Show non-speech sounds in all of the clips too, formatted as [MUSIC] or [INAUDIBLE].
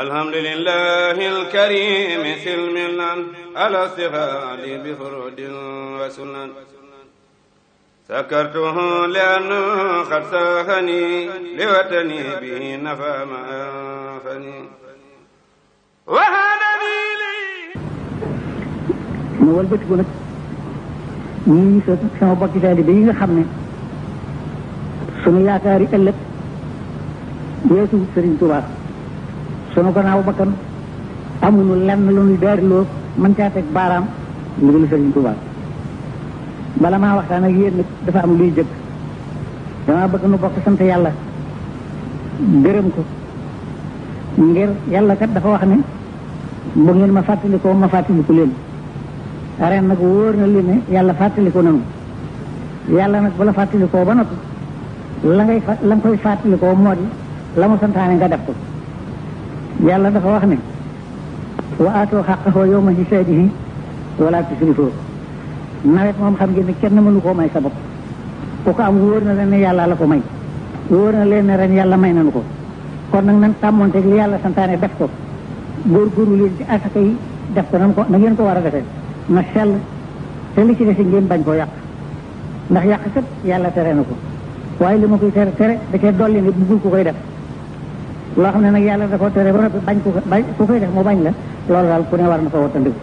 الحمد لله الكريم سلم على استغال بفرود وسنن سكرته لأنه قد ساخني لوطني به نفى ما أنفني وهذا بي لي ما ولبت قلت ñi sa sama bokki taali bi nga xam ne sunu yaakaari ëllëg weesu Sëriñ Tuubaa sunu gannaaw bakkan amuñu lenn lu ñuy daariloo mën caa teg baaraam ndigalu Sëriñ Tuuba bala maa waxtaan ak yéen dafa am luy jëkk damaa bëgg nu bokk sant yàlla gërëm ko ngir yàlla kat dafa wax ni bu ngeen ma fàttalikoo ma fàttaliku leen ren nag wóor na li yàlla fàttaliku nanu yàlla nag bu fàttalikoo ba noppi la ngay fa la nga koy fàttalikoo moo di la mu santaane nga def ko yàlla dafa wax ne wa aatoo xaqahoo yow ma hisaadihi wala tusrifoo nawet moom xam ngeen ne kenn mënu koo may sa bopp ku ko am wóor na leen ne yàlla la ko may wóor na leen ren yàlla may nanu ko kon nag nan tàmmoonteeg li yàlla santaane def ko góor leen ci asaka yi def ko nan ko na ngeen ko war a defee na sell te li ci desi ngeen bañ koo yàq ndax yàq kat yàlla tere na ko waaye li ma koy tere tere da cee dolli ne buggul ku koy def loo xam ne nag yàlla da koo tere ba noppi bañ ku bañ ku koy def mu bañ la loolu daal ku ne war na ko wattandiku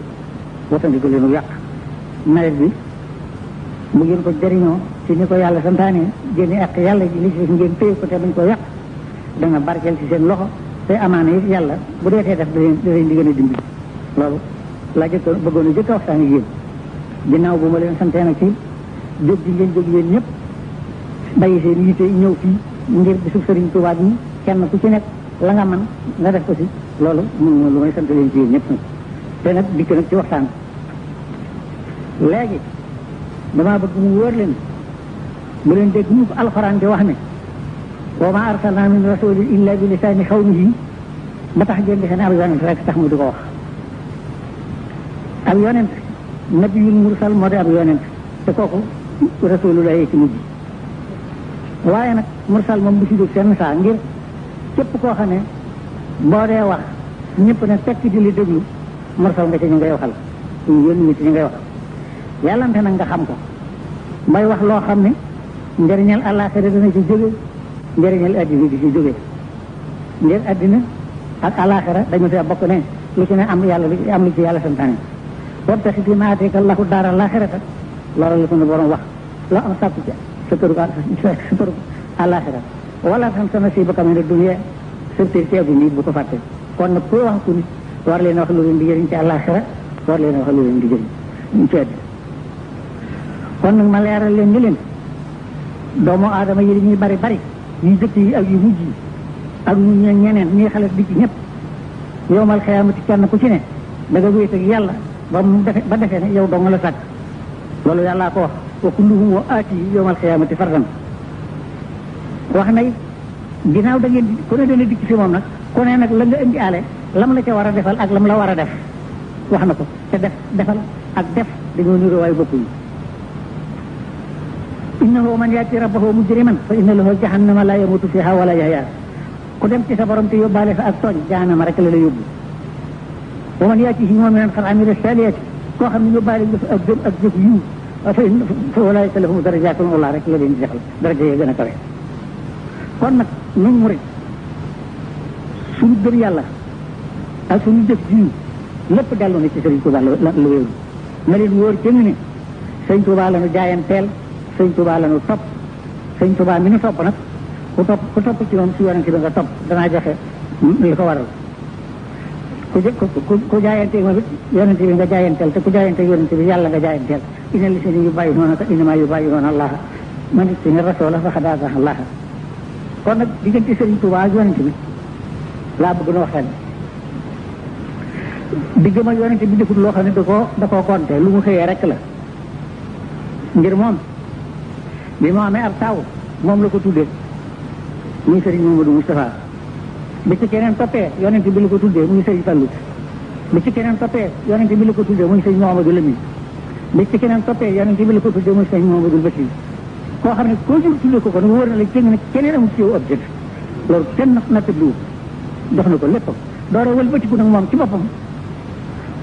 wattandiku leenu yàq nawet bi mu ngeen ko jëriñoo ci ni ko yàlla santaane génne ak yàlla ji li ci ngeen téye ko te bañ ko yàq danga barkeel ci seen loxo te amaana yàlla bu dee tee def da leen di gën loolu laa jëkk bëggoon a jëkk a waxtaan ak yéen ginnaaw bu ma leen santee nag ci jóg ji ngeen jóg yéen ñëpp bàyyi seen yite ñëw fii ngir bisu Sëriñ Tuubaa bi kenn ku ci nekk la nga mën nga def aussi loolu mun na lu may sant leen ci yéen ñëpp nag te nag ci waxtaan léegi damaa bëgg mu wóor leen bu leen dégg ñu ko alxuraan di wax ne wa ma arsalna min rasulin illa bi lisaani xawmihi ba tax ngeen defe ne ab yonent rek tax mu di ko wax ab yonent nabiyul mursal moo di ab yonent te kooku rasulullah ci mujj waaye nag mursal moom bu si dul seen saa ngir képp koo xam boo dee wax ñëpp ne tekk julli déglu morsal nga ci ñu ngay waxal ñu yónni ñu ci ñu ngay yàllante nag nga xam ko bay wax loo xam ne njëriñal àllaaxira dina ci jóge njëriñal addina di ci jóge njër addina ak àllaaxira dañu fee bokk ne lu ci ne am yàlla lu am lu ci yàlla santaane wabtaxi fii maa aataaka llaahu daara laaxirata loolu la suñu borom wax loo am sàkku ca sa kër [LAUGHS] sa kër àllaaxira wala xam sa ma nasiibaka mina dunya surtout ci àdduna bu ko fàtte kon nag kuy wax ku nit war leen wax lu leen di jëriñ ci àllaaxira war leen leen di jëriñ ci àdduna kon nag ma leeral leen ni leen doomu adama yi ñuy bari bari yu jëkk yi ak yu mujj yi ak ñu ñeneen ñuy xale bi ci ñëpp yowmal xiyaamati kenn ku ci ne da nga wéet yàlla ba mu defe ba defee ne yow dong la sàkk loolu yàllaa ko wax wa kulluhum wa aati yowmal xiyaamati fardan wax nay ginnaaw da ngeen ku ne dana dikk fi moom nag ku ne nag la nga indi aale lam la ca war a defal ak lam la war a def wax na ko te def defal ak def dañoo niroo waaye bokkuñu innahu man yaati rabbahu mujriman fa inna lahu jahannama la yamutu fiha wala yahya ku dem ci sa borom te yóbbaale fa ak tooñ jahannama rek la la yóbbu wa man yaati si mu'minan qad amila salihati koo xam ne yóbbaale nga fa ak jëm ak jëf yiw fa walaayka lahum darajatun ola rek la leen di defal daraja yi gën a kawe kon nag nun murit suñu gëm yàlla ak suñu jëf jiw lépp dellu na ci sëriñ Touba la la wéeru na leen wóor jëng ni sëñ Touba la nu jaayanteel sëñ Touba la nu topp sëñ Touba mi nu topp nag ku topp ku topp ci moom si yonent bi nga topp danaa joxe li ko waral ku ku ku jaayante moom it yonent bi nga jaayanteel te ku jaayante yonent bi yàlla nga jaayanteel inna lisini yu bàyyi noona ka innama yu bàyyi noona allaha man ittini rasula faqad ataa allaha kon nag diggante Serigne Touba ak yonent laa bëgg noo xel diggam ak yonent bi defut loo xam ne da koo da koo compter lu mu xëyee rek la ngir moom bi mu amee ab taw moom la ko tuddee muy Serigne mu Moustapha bi ci keneen toppee yonent bi la ko tuddee muy Serigne Fallou bi ci keneen toppee yonent bi la ko tuddee muy Serigne Mamadou Lamine bi ci keneen toppee yonent bi la ko tuddee muy Serigne Mamadou Bassirou koo xam ne koo jur tuddee ko kon wóor na la jëng na keneen amul ci yow objet loolu kenn natt lu dox na ko lépp doora wëlbatiku nag moom ci boppam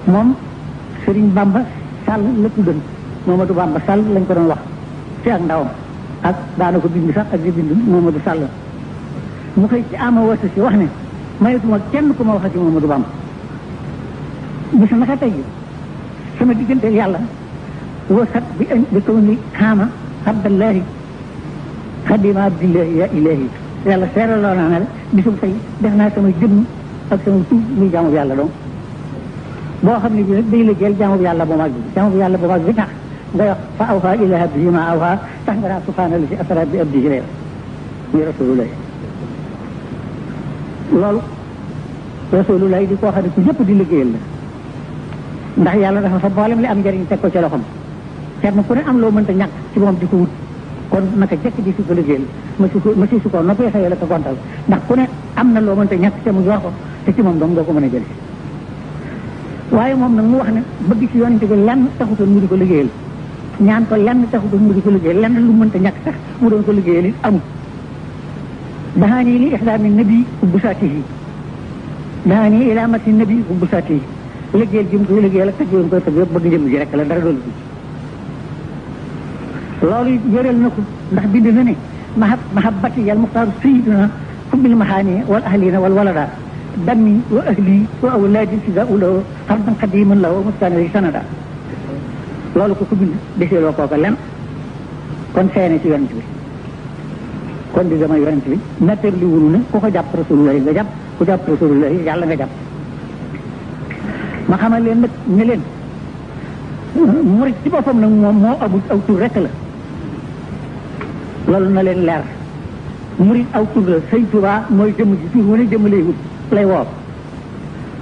moom Serigne Bamba Sall la tuddan Momadou Bamba Sall lañ ko doon wax ci ndawam ak daana ko bind sax ak di bind Momadou Sall mu koy ci ama wasa ci wax ne mayetuma kenn ku ma waxati Momadou Bamba bisa naka tey sama diggante yàlla wasat bi bi kaw ni xaama abdallahi xadima abdillahi ya ilahi yàlla seeral loo naa ne la bisum tey def naa sama jëmm ak sama tuub muy jaamu yàlla doom boo xam ne bi nag day liggéeyal jaamu yàlla bu mag bi jaamu yàlla bu mag bi tax nga wax fa awha ila abdihi ma awha tax nga naa subhaana la si asra bi abdihi réew muy rasulullahi loolu rasulullahi di koo xam ne ku ñëpp di liggéeyal la ndax yàlla dafa fa mboolem li am njëriñ teg ko ci loxoom kenn ku ne am loo mënta ñàkk ci moom di ko wut kon naka jekk ji si ko liggéeyal ma si ko ma si su ko noppee xëyee la ko gontal ndax ku ne am na loo mënta ñàkk te mu yor ko te ci moom dong nga ko mën a jël waaye moom nag mu wax ne bëgg ci yonente bi lenn taxutoon mu di ko liggéeyal ñaan ko lenn taxutoon mu di ko liggéeyal lenn lu mënta ñàkk sax mu doon ko liggéeyal it amul dahaani li ixlaami nabi ubbusaati yi dahaani ilaamati nabi ubbusaati yi liggéeyal jëm ko liggéeyal ak tëj yoon koy tëj yëpp bëgg jëm ji rek la dara doolu bi loolu yëreel na ko ndax bind na ne mahab mahabati yal muxtaar sayiduna kubbil maxaani wal ahlina wal walada dammi la ahli wa awlaadi sida uloo xarban qadiman law mustanadi sanada loolu ko ku bind deseeloo kooka len kon seene ci yonent kon di dama yonent bi nattar li wunu ku ko jàpp rasulullahi nga jàpp ku jàpp rasulullahi yàlla nga jàpp ma xamal leen nag ne leen murit ci boppam nag moom moo abul aw tur la loolu na leen leer murit aw tur la sëñ mooy jëmm ji tur wane jëmm lay wut lay woor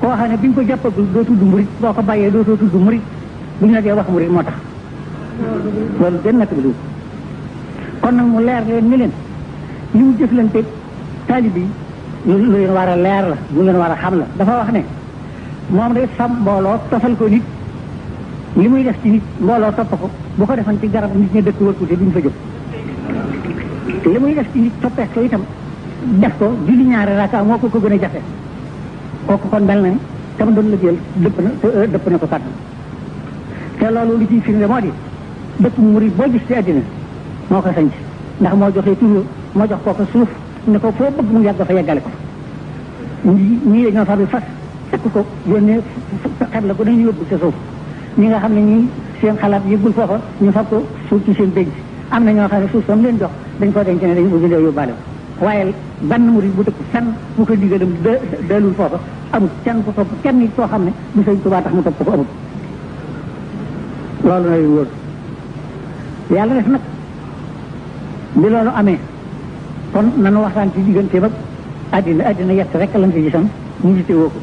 koo xam ne bi nga ko jàppagul doo tudd murit boo ko bàyyee doo too tudd murit bu ñu la dee wax murit moo tax loolu benn natt bi nag mu leer leen leen li mu jëflante taalib yi lu leen war a leer la lu leen war a xam la dafa wax ne moom day sam mbooloo tofal ko nit li muy def ci nit mbooloo topp ko bu ko defan ci garab nit ñi dëkk wër ko te duñ fa jóg li muy def ci nit toppees ko itam def ko julli ñaari raaka moo ko ko gën a jafe kooku kon mel na ne tam doon liggéeyal dëpp na euh, dëpp na ko kàttan te loolu li ciy firnde moo di ci àddina moo ko sanc ndax moo joxee moo jox kooku suuf ne ko foo bëgg mu ko ñii dañoo far bi fas ko yónnee xet la ko ñi nga xam ne ñii seen xalaat yëgul foofa ñu fab ko suuf ci seen bénc am na ñoo xam ne suuf sam leen jox dañ koo denc ne dañu bëgg dee yóbbaale ko waaye benn murid bu dëkk fenn bu ko digalam delul foofa amul kenn ku topp kenn nit koo xam ne du sëñ Tuubaa tax mu topp ko amul loolu lay wóor yàlla def nag bi loolu amee kon nanu waxtaan ci diggante ba àddina àddina yett rek lañ fi gisoon mu ngi teewoo ko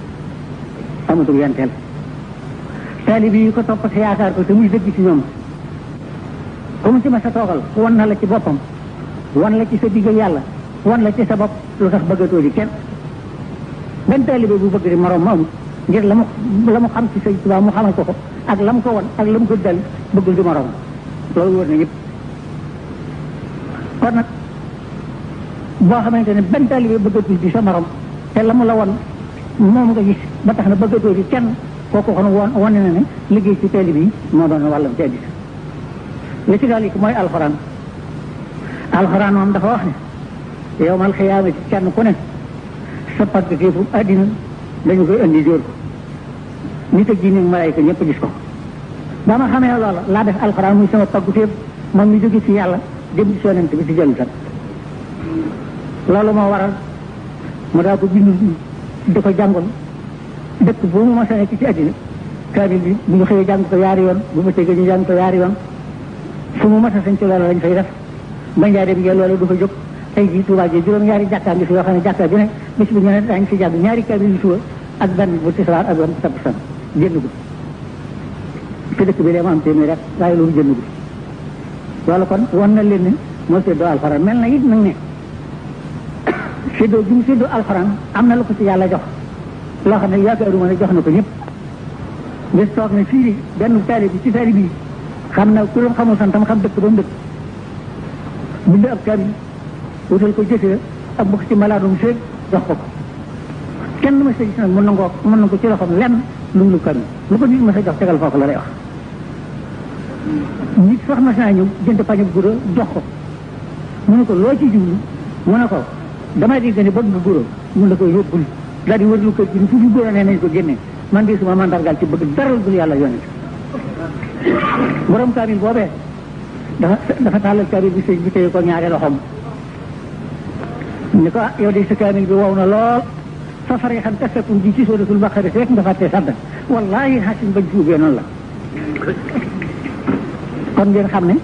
amatul yenteel taalibe yi ko topp te yaakaar ko te muy dëgg ci ñoom ci ma sa toogal wan na la ci boppam wan la ci sa digg yàlla wan la ci sa bopp lu tax bëggatoo di kenn benn bu bëgg di moroom moom ngir la mu la mu xam ci sëñ Tuubaa mu xamal ko ko ak la mu ko wan ak la mu ko dal bëggul di moroom loolu wóor nag boo xamante ne benn taalibe bëggatul di sa morom la mu la wan moom ba tax na bëggatoo di kenn kooku ko woon wane na ne liggéey ci taalibe yi moo doon wàllam ci li ci dalik mooy alxuraan alxuraan moom dafa wax ne yow mal xiyaama ci ku ne sa partitifu addina dañu koy indi jóor ko nit ak jinne malayka ñëpp gis ko ba ma xamee loola laa def alxuraan muy sama paggu téeb moom mi jóge ci yàlla dem ci yonent bi ci jënd loolu moo waral mu daa ko bind di ko jàngal dëkk bu mu mosane ci ci àddina kaamil bi bu ñu xëyee jàng ko yoon bu ma tëggee ñu jàng ko yoon su mu masa sañ ci loolu lañ fay def ba bi dem jee loolu du fa jóg tey jii Tuubaa ji juróom-ñaari jàkkaa ngi fi yoo xam ne jàkkaa bi ne bis bu ñu ne daañu fi jàng ñaari kaamil yu suba ak benn bu tisbaar dëkk bi de ma am téeméer rek waaye loolu jënd ko loolu kon won na leen ne moo séddoo alxuraan mel na it nag ne [COUGHS] séddoo ju mu séddoo am na la ko ci yàlla jox loo xam ne yaakaaruma ne jox na ko ñëpp bés toog ne fii benn taalib bi ci taalib bi xam na ku doon xamul santam xam dëkk ba mu dëkk bind ab kaamil wutal ko jëkkër ak mbokk ci malaadum seeg jox ko kenn lu ma sa gis nag mën na ngoo mën na ko ci loxoom lenn lu mu lu kaamil lu ko nit ma jox tegal foofu la lay wax nit sax ñëw jënd pañe bu guro jox ko ne ko loo ci jublu mu ne ko damay dégg ne bëgg nga guro mun na ko yóbbul daal di wër lu kër gi fu ñu guro nee nañ ko génne man di suma mandargaal ci bëgg dara dul yàlla yonent borom kaamil boobee dafa dafa tàllal kaamil bi sëñ bi téye ko ñaari loxoom ni ko ah yow sa kaamil bi wow na lool fa farixan tasakum ji ci sóoratul baqara rek nga fàttee sàdd wallaahi xasin bañ ci ubbee noonu la kon ngeen xam ne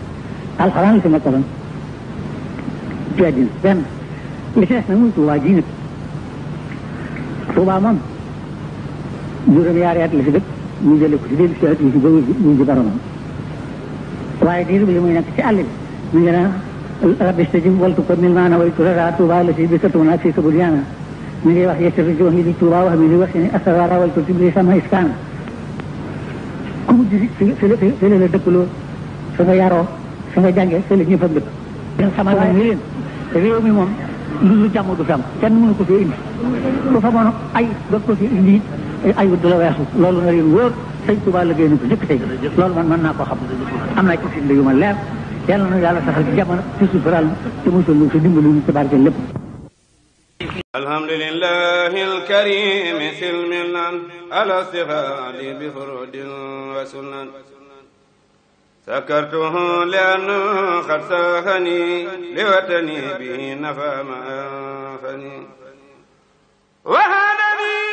alxuraan la fi nekkaloon ci àddina ci des na muy tuubaa ji nag tuubaa moom juróom ñu jëlee ko ci biir si at yi ci ba mu ci waaye diir li muy nekk ci àll mu ñu ngi naan rabbi stajib waltu ko mil maana waytu rara tuuba la si bi katuna fii kabul yaana mi ngi wax yestati joo ngi di tuuba wax mi di wax ni asawara waltu tibli sama iskaana ku mu di fi fi la dëkkaloo su nga yaroo su nga jàngee fi la ñëpp ak dëkk xamal na ni leen mi moom lu jàmm du fi am kenn mënu ko fi indi ku fa moon ay doot ko fi indi ayut du la weesu loolu na leen wóor sëñ Tuubaa liggéey ni ko njëkk tey loolu man mën naa ko xam am naa ci firnde yu ma leer yàlla na yàlla saxal ci jamono ci sutural te mosul ñu ci dimbali ñu ci barke lépp alhamdulillahi alkarim silmilan ala sighali bi furudin wa sunan سكرته لأنه قد ساخني لوطني به نفى ما أنفني وهذا